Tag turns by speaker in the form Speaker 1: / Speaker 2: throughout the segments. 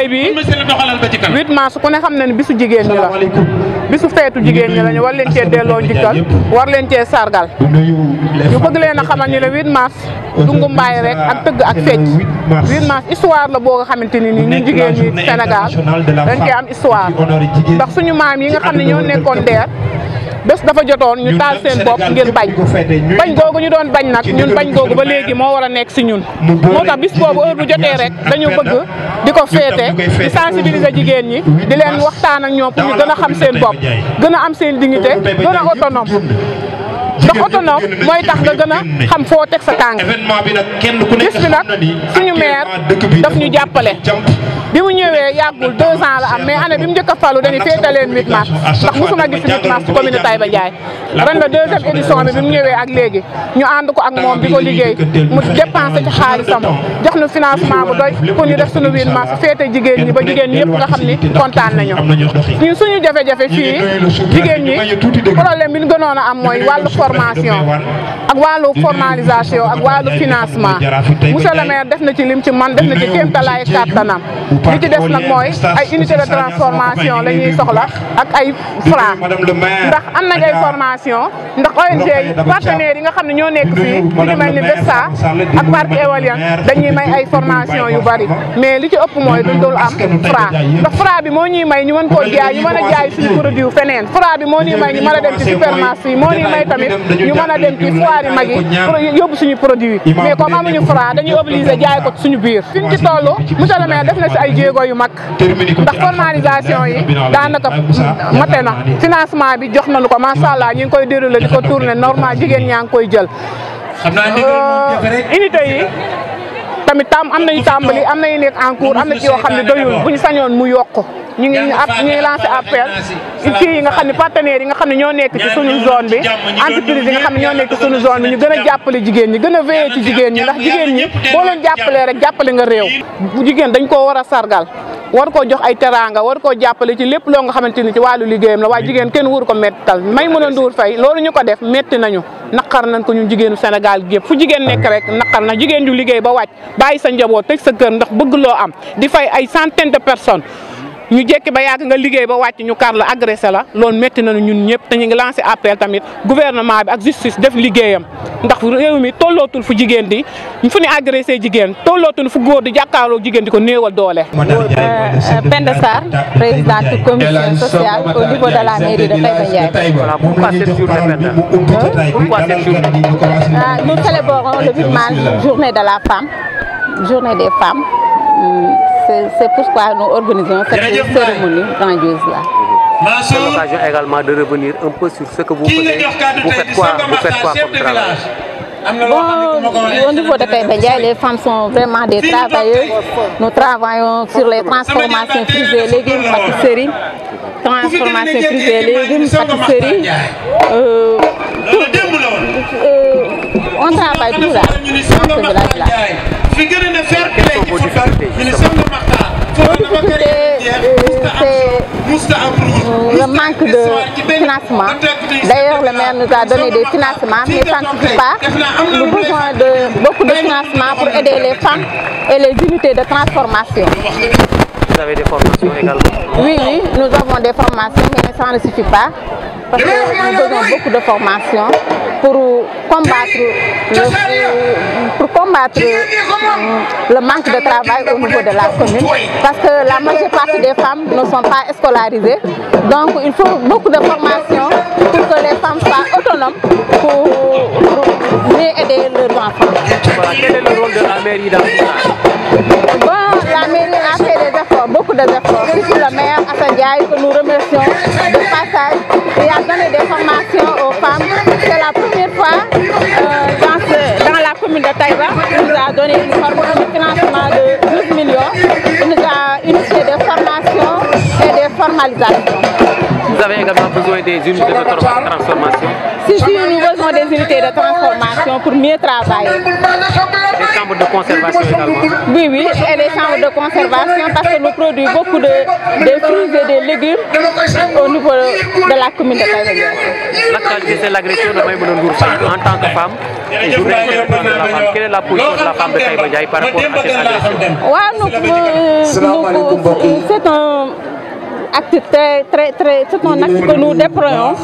Speaker 1: tey bii 8 mars ku ne xam na ne bisu jigéen ñi la bisu feetu jigéen ñi lañu war leen cee delloo njikkal war leen cee sargal ñu bëgg leen a xamal ni le 8 mars dungu mbaay rek ak tëgg ak fecc 8 mars histoire la boo nga xamante ni nii ñun jigéen ñi Sénégal dañ cee am histoire ndax suñu maam yi nga xam ne ñoo nekkoon deer bés dafa jotoon ñu taal seen bopp ngir bañ bañ googu ñu doon bañ nag ñun bañ googu ba léegi moo war a nekk si ñun moo tax bis boobu heure bu jotee rek dañu bëgg di ko féete di sensibiliser jigéen ñi di leen waxtaan ak ñoom pour ñu gën a xam seen bopp gën a am seen dignité gën a autonome ndax autonome mooy tax nga gën a xam foo teg sa tànk bis bi nag suñu maire daf ñu jàppale bi mu ñëwee yàggul deux ans la am mais année bi mu njëkk a falu dañu féete leen ndax mosuma gis 8 mars ci commune Taïba Ndiaye ren la bi bi ñëwee ak léegi ñu ànd ak moom di ko liggéey mu dépensé ci xaalisam jox ñu financement bu doy pour ñu def suñu 8 mars féete jigéen ñi ba jigéen ñi yëpp nga xam ni kontaan nañu ñun suñu jafe-jafe fii formation
Speaker 2: ak wàllu formalisation ak wàllu financement monsieur le maire def na ci lim ci man def na ci kéemtalaay kàttanam li ci des nag mooy ay unité de transformation la ñuy soxla
Speaker 1: ak ay fra ndax am nañ ay formation ndax ONG yi partenaires yi nga xam ne bi moo ñuy may ñu mën koo jaay ñu mën a jaay suñu produit feneen fra bi moo ñuy may ñu mën a dem ci supermarché moo ñuy may tamit ñu mën a dem ci foire yi mag yi yóbbu suñu produit mais comme amuñu franc dañuy obligé jaay ko suñu biir fi ñu ci toll monsieur le maire def na si ay jéego yu mag ndax formalisation yi daanaka mate na financement bi jox nañu ko macha allah ñu ngi koy déroulé di ko tourné normal jigéen ñaa ngi koy jël euh, unité yi tamit tam am nañu tàmbali am nañu nekk en am na ci yoo xam ne doyul bu ñu sañoon mu yokk ñu ngi ñu ngi kii yi nga xam ne partenaires yi nga xam ne ñoo nekk ci suñu zone bi entreprise nga xam ne ñoo nekk ci suñu zone bi ñu gën a jàppale jigéen ñi gën a veillé jigéen ñi ndax jigéen ñi boo leen jàppalee rek jàppale nga réew jigéen dañ koo war a sargal war koo jox ay teraanga war koo jàppale ci lépp loo nga xamante ni ci wàllu liggéeyam la waaye jigéen kenn wuur ko mettal may mën a nduur fay loolu ñu ko def metti nañu naqar nañ ko ñun jigéenu Sénégal gépp fu jigéen nekk rek naqar na jigéen ju liggéey ba wàcc bàyyi sa njaboot tëj sa kër ndax bëgg loo am di fay ay centaine de ñu jekki ba yàgg nga liggéey ba wàcc ñu kar la agressé la loolu métti nañu ñun ñëpp te ñu ngi lancé appel tamit gouvernement bi ak justice def liggéeyam ndax réew mi tollootul fu jigéen di fu ñu agressé jigéen tollootul fu góor di jàkkaarloo jigéen di ko néewal doole. Euh,
Speaker 2: Penda Sarr présidente commission sociale au niveau de la mairie de Taïba Ndiaye.
Speaker 1: Voilà, pourquoi cette journée? Pourquoi cette journée?
Speaker 2: Ah, journée de la femme, journée des femmes. c'est pourquoi nous organisons cette cérémonie grandiose-là.
Speaker 1: C'est l'occasion également de revenir un peu sur ce que vous faites. Vous faites quoi, vous faites quoi comme travail
Speaker 2: Bon, au niveau de Pébendia, les femmes sont vraiment des travailleuses. Nous travaillons sur les transformations privées, et légumes, pâtisseries.
Speaker 1: transformations privées, et légumes, pâtisseries.
Speaker 2: Euh, euh, on travaille tout là, dans ce village-là. de financement. D'ailleurs, le maire nous a donné des financements, mais ça ne suffit pas. Nous avons besoin de beaucoup de financements pour aider les femmes et les unités de transformation. Vous avez des formations également Oui, oui, nous avons des formations, mais ça ne suffit pas, parce que nous avons besoin beaucoup de formations. Euh, pour combattre euh, le, manque de travail au niveau de la commune parce que la majeure partie des femmes ne sont pas scolarisées. Donc il faut beaucoup de formation pour que les femmes soient autonomes pour, mieux aider leurs enfants.
Speaker 1: Voilà, quel est le rôle de la mairie dans ce
Speaker 2: Bon, la mairie a fait des efforts, beaucoup d'efforts, surtout le maire Assadiaï que nous remercions de passage et a donné des formations euh, dans, la commune de Taïba. Il nous a donné une formation de de 12 millions. Il nous a initié des formations et des formalisations
Speaker 1: avez également besoin des unités de transformation
Speaker 2: Si, si nous besoin des unités de transformation pour mieux travailler. Des
Speaker 1: chambres de conservation également
Speaker 2: Oui, oui, et les chambres de conservation parce que nous produisons beaucoup de, fruits et de légumes au niveau de la commune de Taïwan.
Speaker 1: L'actualité, c'est l'agression de Maïmouna en tant que femme. je voudrais la femme. Quelle est la position de la femme de Taïwan par rapport à
Speaker 2: cette agression C'est un acte très, très, très, c'est un acte que nous déployons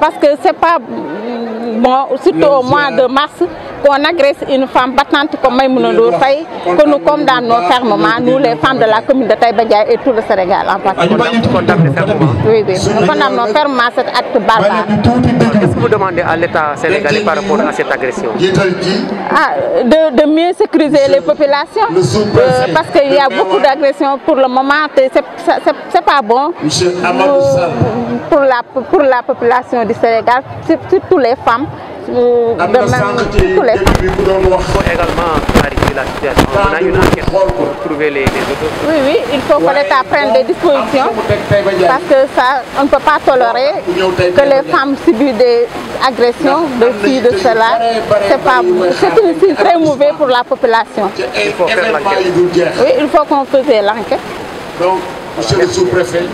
Speaker 2: parce que c'est pas bon, mm, surtout au mois de mars, qu'on agresse une femme battante comme Maïmouna que nous condamnons fermement, nous les femmes de la commune de Taïbadia et tout le Sénégal en particulier. Oui, oui, nous condamnons fermement cet acte barbare.
Speaker 1: Qu'est-ce que vous demandez à l'État sénégalais par rapport à cette agression
Speaker 2: ah, de, mieux sécuriser les populations, euh, parce qu'il y a beaucoup d'agressions pour le moment, c'est pas bon pour, pour, la, pour la population du Sénégal, surtout les femmes il faut également
Speaker 1: clarifier la situation. on a une enquête pour trouver les oui
Speaker 2: oui il faut qu'on l'État prenne des dispositions parce que ça on ne peut pas tolérer que les femmes subissent des agressions de ci de cela c'est pas c'est très mauvais pour la population.
Speaker 1: il faut oui
Speaker 2: il faut qu'on fasse l'enquête.
Speaker 1: donc monsieur le sous-préfet.